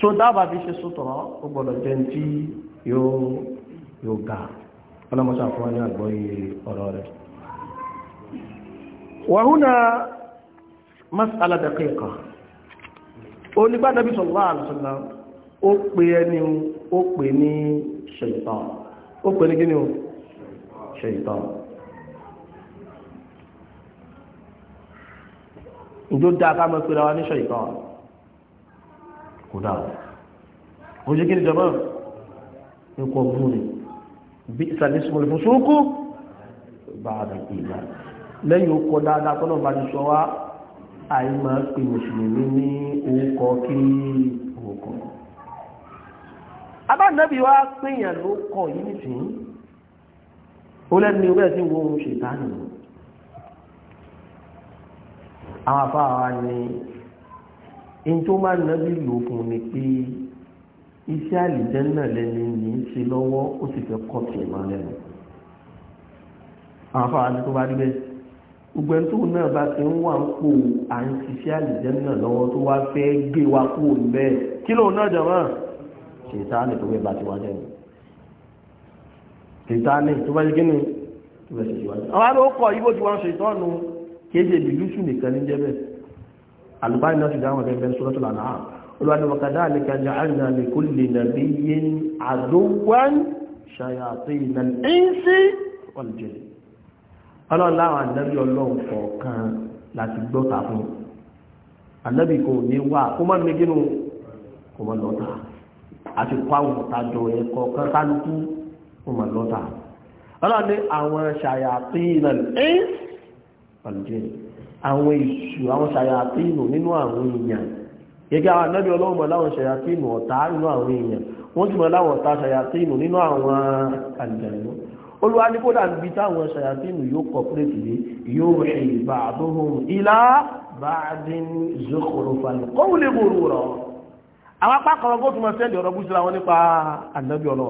so dábàá fi ṣe sútọ̀rọ̀ ó gbọ́dọ̀ jẹ́ tí yóò ga ọlọ́mọṣà fún wa ní àgbọ́yé ọ̀rọ̀ rẹ̀ wàhúnà masala daqiqa onígbàdàbí sallallahu ó pè o ó pè ní ó pè ní gíní o ṣaitan ìjó dáa ká mọ́ pé ra wa ní kò dáa ó ni bí ìsàlẹ̀ sọ̀rọ̀ fún ṣókó bá a bẹ̀ ìlà lẹ́yìn ó kọ́ dáadáa tọ́lọ̀ bá ti sọ wá àyè máa wa kọ yìí nìsín ó lẹ́nu ní ọgbẹ́ sí wo ohun ṣètánì ni in tó máa nábì lò fún ni pé iṣẹ́ àlìjẹ́nà lẹ́ni ní í ṣe lọ́wọ́ ó sì fẹ́ kọ́ tiẹ̀ máa lẹ́nu àwọn afárá ni tó bá rí bẹ́ẹ̀ gbogbo ẹni tó náà bá ti ń wà ń pò à ń ṣiṣẹ́ àlìjẹ́nà lọ́wọ́ tó wá fẹ́ gbé wa kúrò níbẹ̀ kí lóun náà jọ ṣètáàlì tó bẹ́ẹ̀ bá ti wá jẹ́nu ṣètáàlì tó bá ṣe kí ni tó bẹ́ẹ̀ ṣe ṣe wá jẹ́nu àwọn àlọ́ kọ ibo tí wọ́n ṣe tọ́nu kéde bìlúṣù nìkan ní jẹ́ àlùbáyé náà sì dáhùn ẹgbẹ́ suratul an'am olùwàdí wakadhalika ja'alna li kulli nabiyyin aduwwan shayatina al-insi wal jinn ọlọ́láwọn ànábì ọlọ́run kọ̀ọ̀kan láti gbọ́ta fún ànábì kò ní wà kó má mi gínú kó má lọ́ta àti kó àwọn ọlọ́ni àwọn ṣàyàtì ìlànà ọ̀lùjẹ́ àwọn èṣù àwọn ṣàyàtínù nínú àwọn èèyàn gẹ́gẹ́ àwọn anábì ọlọ́run mọ̀ láwọn ṣàyàtínù ọ̀tá nínú àwọn èèyàn wọ́n ti mọ̀ láwọn ọ̀tá ṣàyàtínù nínú àwọn àjẹ̀lú olúwa ní kódà níbi táwọn ṣàyàtínù yóò kọ̀pẹ́rẹ́tì lé yóò ṣe ìbá àdóhùn ilá báadín zokòròfàlù kọ́wùlé gbòòrò rọ̀ àwọn apá kan ọgbọ́n tó máa ṣẹ́ẹ̀dì